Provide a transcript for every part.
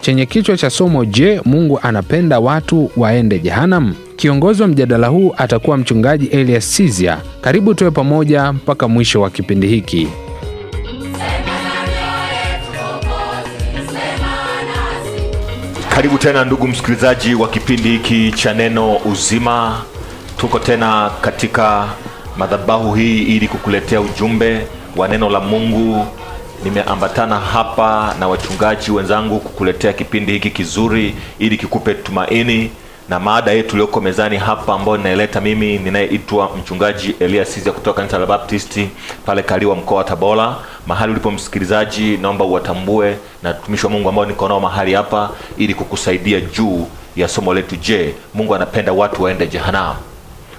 chenye kichwa cha somo Je, Mungu anapenda watu waende jehanam Kiongozi wa mjadala huu atakuwa Mchungaji Elias Cizia. Karibu tuwe pamoja mpaka mwisho wa kipindi hiki. Karibu tena ndugu msikilizaji wa kipindi hiki cha Neno Uzima. Tuko tena katika madhabahu hii ili kukuletea ujumbe wa neno la Mungu nimeambatana hapa na wachungaji wenzangu kukuletea kipindi hiki kizuri ili kikupe tumaini na maada yetu iliyoko mezani hapa ambayo ninaileta mimi ninayeitwa mchungaji Elia Sizia kutoka kanisa la Baptisti pale Kaliwa, mkoa wa Tabora. Mahali ulipo msikilizaji, naomba uwatambue na tumishi wa Mungu ambao niko nao mahali hapa ili kukusaidia juu ya somo letu. Je, Mungu anapenda watu waende jehanamu?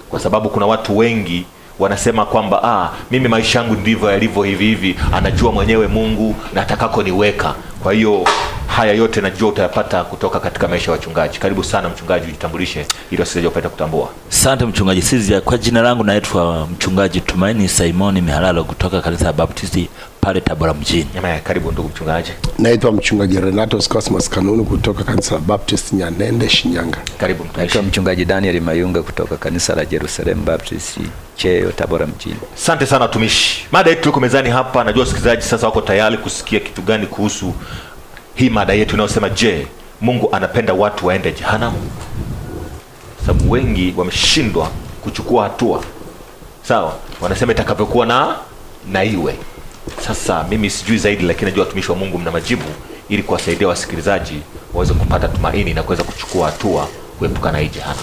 Kwa sababu kuna watu wengi wanasema kwamba ah, mimi maisha yangu ndivyo yalivyo hivi hivi, anajua mwenyewe Mungu na atakakoniweka. Kwa hiyo haya yote najua utayapata kutoka katika maisha ya wachungaji. Karibu sana mchungaji, ujitambulishe ili wasikilizaji wapate kutambua. Asante mchungaji Sizia. Kwa jina langu naitwa uh, mchungaji Tumaini Simoni Mihalalo kutoka kanisa la Baptisti pale Tabora mjini. Amen. Karibu ndugu mchungaji. Naitwa mchungaji Renato Cosmas Kanunu kutoka kanisa la Baptist Nyanende Shinyanga. Karibu mtumishi. Naitwa mchungaji Daniel Mayunga kutoka kanisa la Jerusalem Baptist cheo Tabora mjini. Asante sana tumishi. Mada yetu iko mezani hapa, najua wasikilizaji sasa wako tayari kusikia kitu gani kuhusu hii mada yetu inayosema, je, Mungu anapenda watu waende jehanamu? Sababu wengi wameshindwa kuchukua hatua, sawa, wanasema itakavyokuwa na na iwe. Sasa mimi sijui zaidi, lakini najua watumishi wa Mungu mna majibu ili kuwasaidia wasikilizaji waweze kupata tumaini na kuweza kuchukua hatua kuepuka na hii jehanamu.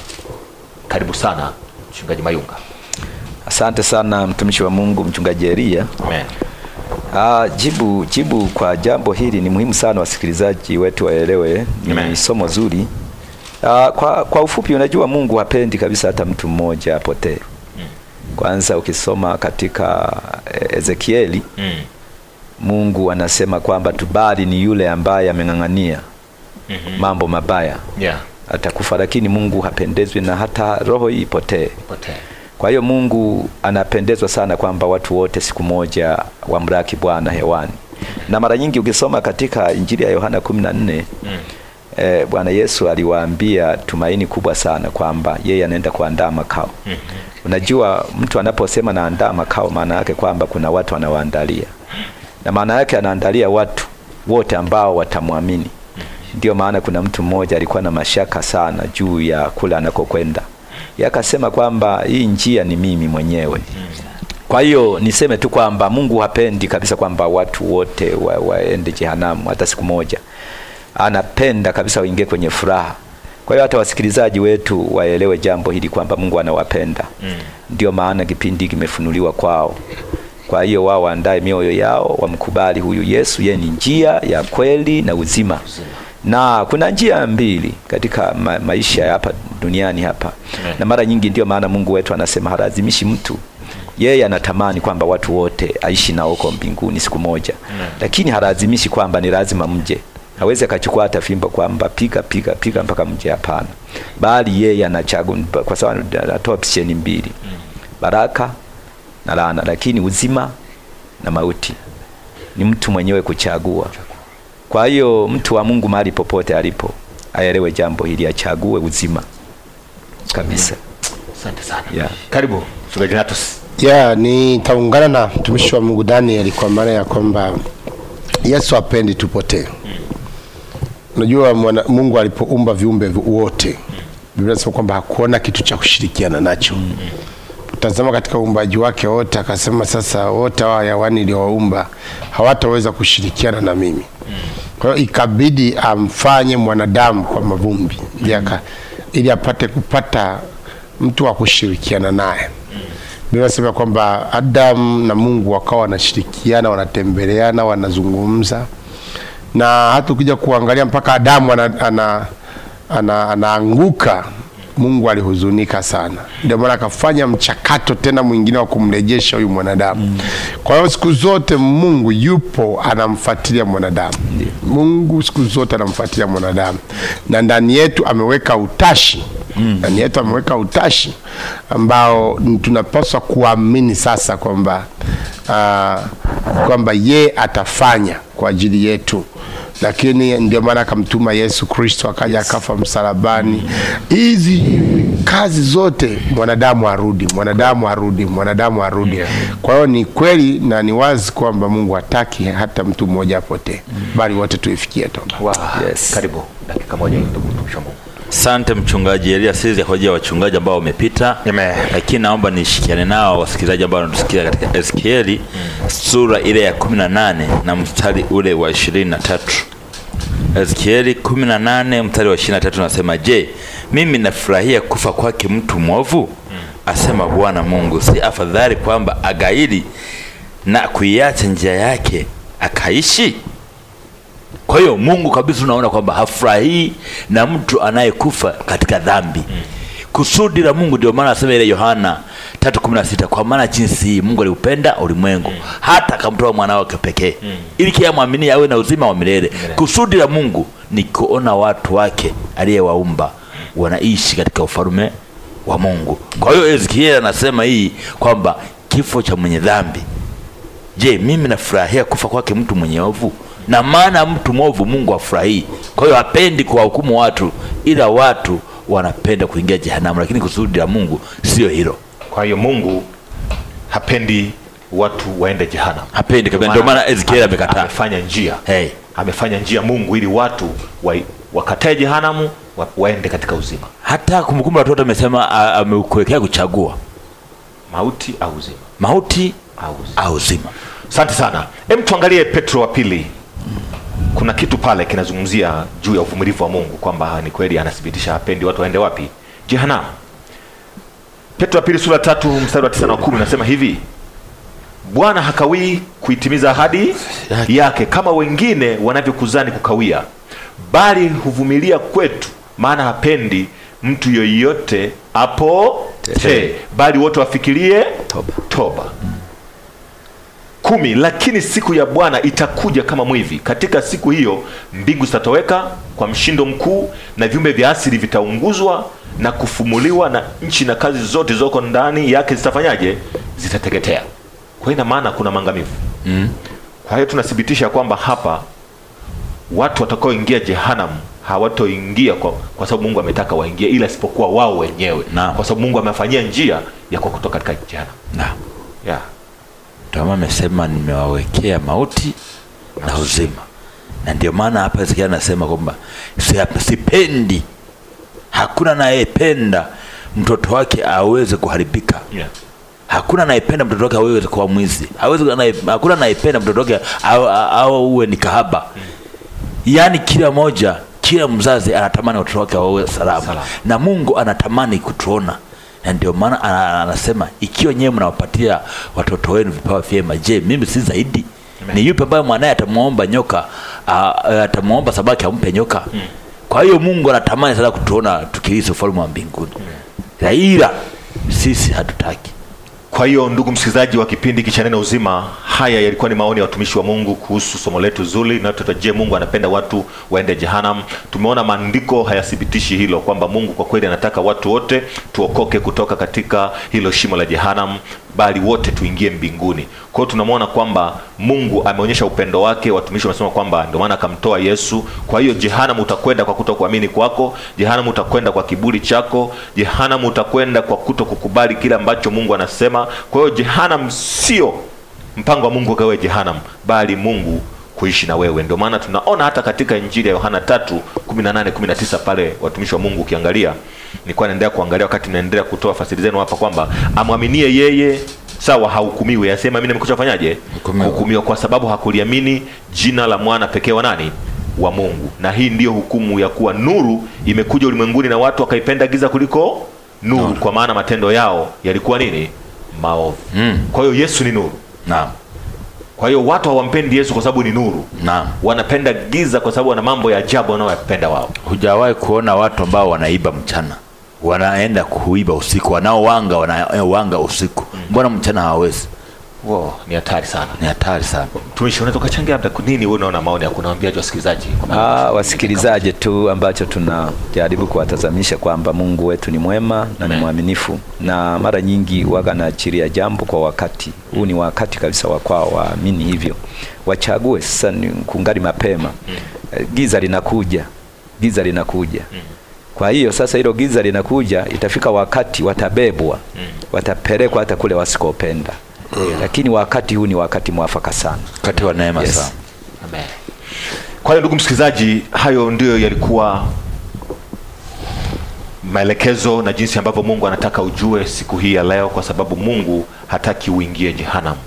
Karibu sana Mchungaji Mayunga. Asante sana mtumishi wa Mungu mchungaji Elia. Amen. Ah, jibu jibu kwa jambo hili ni muhimu sana wasikilizaji wetu waelewe. Ni somo zuri. Ah, kwa, kwa ufupi unajua Mungu hapendi kabisa hata mtu mmoja apotee. Mm. Kwanza ukisoma katika e, Ezekieli mm. Mungu anasema kwamba tubali ni yule ambaye ameng'ang'ania mm -hmm. mambo mabaya. Yeah. Atakufa, lakini Mungu hapendezwi na hata roho ipotee. Ipotee. Kwa hiyo Mungu anapendezwa sana kwamba watu wote siku moja wamlaki Bwana hewani, na mara nyingi ukisoma katika Injili ya Yohana 14 mm. Eh, Bwana Yesu aliwaambia tumaini kubwa sana kwamba yeye anaenda kuandaa makao mm -hmm. Unajua, mtu anaposema naandaa makao, maana yake kwamba kuna watu anawaandalia, na maana yake anaandalia watu wote ambao watamwamini. Mm-hmm. ndio maana kuna mtu mmoja alikuwa na mashaka sana juu ya kula anakokwenda yakasema kwamba hii njia ni mimi mwenyewe. Kwa hiyo niseme tu kwamba Mungu hapendi kabisa kwamba watu wote wa, waende jehanamu hata siku moja. Anapenda kabisa waingie kwenye furaha. Kwa hiyo hata wasikilizaji wetu waelewe jambo hili kwamba Mungu anawapenda. Mm. Ndio maana kipindi kimefunuliwa kwao. Kwa hiyo wao waandae mioyo yao, wamkubali huyu Yesu, yeye ni njia ya kweli na uzima. Uzima na kuna njia mbili katika ma maisha ya hapa duniani hapa yeah. Na mara nyingi ndio maana Mungu wetu anasema halazimishi mtu yeye anatamani kwamba watu wote aishi nao huko mbinguni siku moja yeah. Lakini halazimishi kwamba ni lazima mje hawezi akachukua hata fimbo kwamba piga piga piga mpaka mje, hapana, bali yeye anachagua, kwa sababu anatoa option mbili, mm. baraka na laana, lakini uzima na mauti ni mtu mwenyewe kuchagua. Kwa hiyo mtu wa Mungu mahali popote alipo aelewe jambo hili, achague uzima kabisa. Asante sana. Yeah. Karibu Fortunatus. Yeah, nitaungana na mtumishi wa Mungu Daniel kwa maana ya kwamba Yesu apendi tupotee. Unajua mwana, Mungu alipoumba viumbe wote Biblia inasema kwamba hakuona kitu cha kushirikiana nacho. Mm -hmm tazama katika uumbaji wake wote, akasema sasa wote hawa hayawani niliowaumba hawataweza kushirikiana na mimi. Kwa hiyo ikabidi amfanye mwanadamu kwa mavumbi ili apate kupata mtu wa kushirikiana naye. Biblia inasema kwamba Adamu na Mungu wakawa wanashirikiana, wanatembeleana, wanazungumza na hata ukija kuangalia mpaka Adamu anaanguka ana, ana, ana Mungu alihuzunika sana, ndio maana akafanya mchakato tena mwingine wa kumrejesha huyu mwanadamu mm. Kwa hiyo siku zote Mungu yupo anamfuatilia mwanadamu yeah. Mungu siku zote anamfuatilia mwanadamu, na ndani yetu ameweka utashi mm. Ndani yetu ameweka utashi ambao tunapaswa kuamini sasa kwamba uh, kwamba ye atafanya kwa ajili yetu lakini ndio maana akamtuma Yesu Kristo akaja akafa msalabani. Hizi kazi zote mwanadamu arudi, mwanadamu arudi, mwanadamu arudi. Kwa hiyo ni kweli na ni wazi kwamba Mungu hataki hata mtu mmoja apotee, bali wote tuifikie toba. Wow. Yes. Karibu dakika moja ndugu Mungu. Asante Mchungaji Elia Sizi kwa ajili ya wachungaji ambao wamepita, lakini naomba nishikiane nao wasikilizaji ambao wanatusikia katika Ezekieli sura ile ya kumi na nane na mstari ule wa ishirini na tatu. Ezekieli kumi na nane mstari wa ishirini na tatu nasema, je, mimi nafurahia kufa kwake mtu mwovu? asema Bwana Mungu, si afadhali kwamba agaili na kuiacha njia yake akaishi? Kwa hiyo Mungu kabisa unaona kwamba hafurahii na mtu anayekufa katika dhambi mm. Kusudi la Mungu ndio maana asema ile Yohana 3:16 kwa maana jinsi hii Mungu aliupenda ulimwengu mm. hata akamtoa mwana wake pekee mm. ili kila mwamini awe na uzima wa milele mm. Kusudi la Mungu ni kuona watu wake aliyewaumba mm. wanaishi katika ufalme wa Mungu. Kwa hiyo Ezekiel anasema hii kwamba kifo cha mwenye dhambi. Je, mimi nafurahia kufa kwake mtu mwenye ovu? na maana mtu mwovu Mungu afurahii. Kwa hiyo hapendi kuwahukumu watu, ila watu wanapenda kuingia jehanamu, lakini kusudi la Mungu sio hilo. Kwa hiyo Mungu hapendi watu waende jehanamu, hapendi kabisa. Ndio maana Ezekiel amekataa, amefanya njia hey. amefanya njia Mungu ili watu wa, wakatae jehanamu wa, waende katika uzima. Hata Kumbukumbu la Torati amesema amekuwekea kuchagua mauti au uzima, mauti au uzima. Asante sana. Hem, tuangalie Petro wa pili kuna kitu pale kinazungumzia juu ya uvumilivu wa Mungu kwamba ni kweli anathibitisha hapendi watu waende wapi? Jehanamu. Petro pili sura tatu mstari wa tisa na kumi nasema hivi Bwana hakawii kuitimiza ahadi yake kama wengine wanavyokuzani kukawia, bali huvumilia kwetu, maana hapendi mtu yoyote apotee, bali wote wafikirie toba, toba kumi, lakini siku ya Bwana itakuja kama mwivi. Katika siku hiyo mbingu zitatoweka kwa mshindo mkuu, na viumbe vya asili vitaunguzwa na kufumuliwa, na nchi na kazi zote zilizoko ndani yake zitafanyaje? Zitateketea. Kwa ina maana kuna maangamivu mm. Kwa hiyo tunathibitisha kwamba hapa watu watakaoingia jehanamu hawatoingia kwa, kwa sababu Mungu ametaka waingie, ila isipokuwa wao wenyewe, kwa sababu Mungu amewafanyia njia ya kwa kutoka katika jehanamu. Naam. Yeah. Ndio amesema nimewawekea mauti na uzima, na ndio maana hapa Hezekia anasema kwamba sipendi, hakuna anayependa mtoto wake aweze kuharibika yeah. Hakuna anayependa mtoto wake aweze kuwa mwizi, hakuna anayependa mtoto wake au uwe ni kahaba yani Yaani kila moja, kila mzazi anatamani watoto wake wawe salama, na Mungu anatamani kutuona na ndio maana anasema ikiwa nyewe mnawapatia watoto wenu vipawa vyema, je, mimi si zaidi? Ni yupi ambaye mwanaye atamuomba nyoka atamwomba sabaki ampe nyoka? mm. Kwa hiyo Mungu anatamani sana kutuona tukilisi ufalme wa mbinguni mm. Ila sisi hatutaki. Kwa hiyo ndugu msikilizaji wa kipindi kicha cha Neno Uzima, haya yalikuwa ni maoni ya watumishi wa Mungu kuhusu somo letu zuri, na tutarajie Mungu anapenda watu waende jehanamu. Tumeona maandiko hayathibitishi hilo kwamba Mungu kwa kweli anataka watu wote tuokoke kutoka katika hilo shimo la jehanamu bali wote tuingie mbinguni. Kwa hiyo tunamwona kwamba Mungu ameonyesha upendo wake. Watumishi wanasema kwamba ndio maana akamtoa Yesu. Kwa hiyo jehanamu utakwenda kwa kutokuamini kwako, jehanamu utakwenda kwa kiburi chako, jehanamu utakwenda kwa kutokukubali kile ambacho Mungu anasema. Kwa hiyo jehanamu sio mpango wa Mungu ukawe jehanamu, bali Mungu kuishi na wewe. Ndio maana tunaona hata katika Injili ya Yohana 3:18 19 pale watumishi wa Mungu, ukiangalia nilikuwa naendelea kuangalia wakati naendelea kutoa fasiri zenu hapa kwamba amwaminie yeye sawa hahukumiwi, Yasema mimi nimekuja kufanyaje? Hukumiwa kwa sababu hakuliamini jina la mwana pekee wa nani wa Mungu. Na hii ndiyo hukumu ya kuwa nuru imekuja ulimwenguni na watu wakaipenda giza kuliko nuru, no. kwa maana matendo yao yalikuwa nini? Maovu. Mm. Kwa hiyo Yesu ni nuru. Naam. Kwa hiyo watu hawampendi Yesu kwa sababu ni nuru. Naam. Wanapenda giza kwa sababu wana mambo ya ajabu wanayopenda wao. Hujawahi kuona watu ambao wanaiba mchana wanaenda kuiba usiku, wanaowanga wanaowanga usiku, mm. mbona mchana hawawezi? Wow, ni hatari sana. Ni hatari sana. Tumishi, unaweza labda nini wewe unaona maoni ya kunaambiaje wasikilizaji? Ah, wasikilizaji tu ambacho tunajaribu kuwatazamisha kwamba Mungu wetu ni mwema na ni mwaminifu na mara nyingi waga achiria jambo kwa wakati. Huu ni wakati kabisa wa kwao waamini hivyo. Wachague sasa ni kungali mapema. Mm. Eh, giza linakuja. Giza linakuja. Mm. Kwa hiyo sasa hilo giza linakuja, itafika wakati watabebwa. Mm. Watapelekwa hata kule wasikopenda mm. lakini wakati huu ni wakati mwafaka sana, wakati wa neema yes. sana. Amen. Kwa hiyo ndugu msikilizaji, hayo ndiyo yalikuwa maelekezo na jinsi ambavyo Mungu anataka ujue siku hii ya leo, kwa sababu Mungu hataki uingie jehanamu.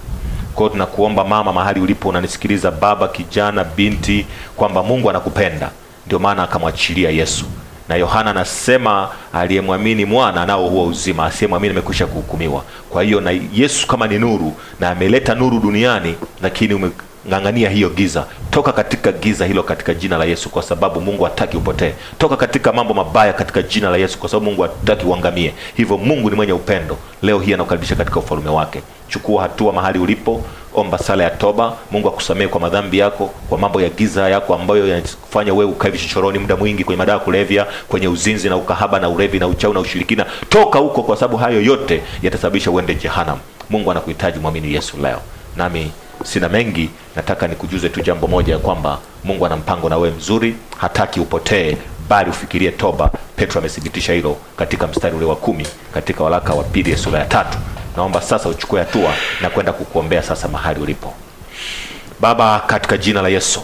Kwa hiyo tunakuomba mama, mahali ulipo unanisikiliza, baba, kijana, binti, kwamba Mungu anakupenda, ndio maana akamwachilia Yesu na Yohana anasema aliyemwamini mwana nao huwa uzima, asiyemwamini amekwisha kuhukumiwa. Kwa hiyo na Yesu kama ni nuru na ameleta nuru duniani, lakini Ng'ang'ania hiyo giza, toka katika giza hilo katika jina la Yesu, kwa sababu Mungu hataki upotee. Toka katika mambo mabaya katika jina la Yesu, kwa sababu Mungu hataki uangamie. Hivyo Mungu ni mwenye upendo, leo hii anakukaribisha katika ufalume wake. Chukua hatua mahali ulipo, omba sala ya toba. Mungu akusamee kwa madhambi yako, kwa mambo ya giza yako ambayo yanakufanya wewe ukae vichochoroni muda mwingi, kwenye madawa ya kulevya, kwenye uzinzi na ukahaba na ulevi na uchawi na ushirikina. Toka huko, kwa sababu hayo yote yatasababisha uende jehanamu. Mungu anakuhitaji mwamini Yesu leo nami sina mengi, nataka nikujuze tu jambo moja ya kwamba Mungu ana mpango na wewe mzuri, hataki upotee, bali ufikirie toba. Petro amethibitisha hilo katika mstari ule wa kumi katika waraka wa pili sura ya tatu. Naomba sasa uchukue hatua na kwenda kukuombea sasa mahali ulipo. Baba, katika jina la Yesu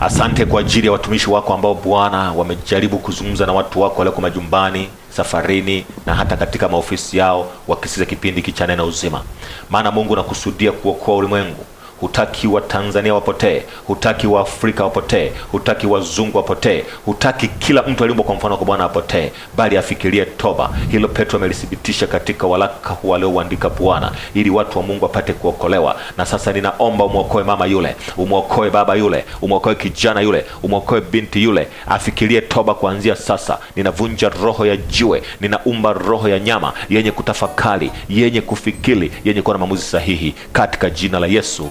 Asante kwa ajili ya watumishi wako ambao Bwana wamejaribu kuzungumza na watu wako walioko majumbani, safarini na hata katika maofisi yao wakisikiza kipindi hiki cha Neno Uzima. Maana Mungu nakusudia kuokoa ulimwengu Hutaki Watanzania wapotee, hutaki Waafrika wapotee, hutaki wazungu wapotee, hutaki kila mtu aliumbwa kwa mfano kwa Bwana apotee, bali afikirie toba. Hilo Petro amelithibitisha katika walaka waliouandika Bwana, ili watu wa Mungu apate kuokolewa. Na sasa ninaomba umwokoe mama yule, umwokoe baba yule, umwokoe kijana yule, umwokoe binti yule, afikirie toba kuanzia sasa. Ninavunja roho ya jiwe, ninaumba roho ya nyama yenye kutafakari, yenye kufikiri, yenye kuwa na maamuzi sahihi katika jina la Yesu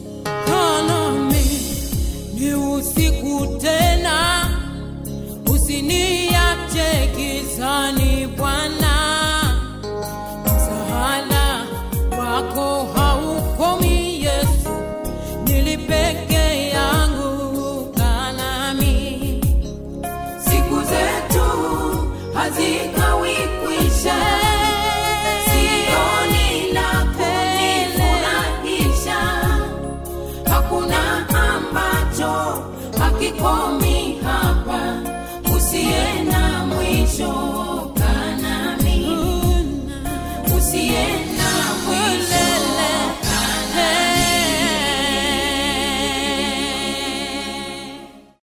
Aziz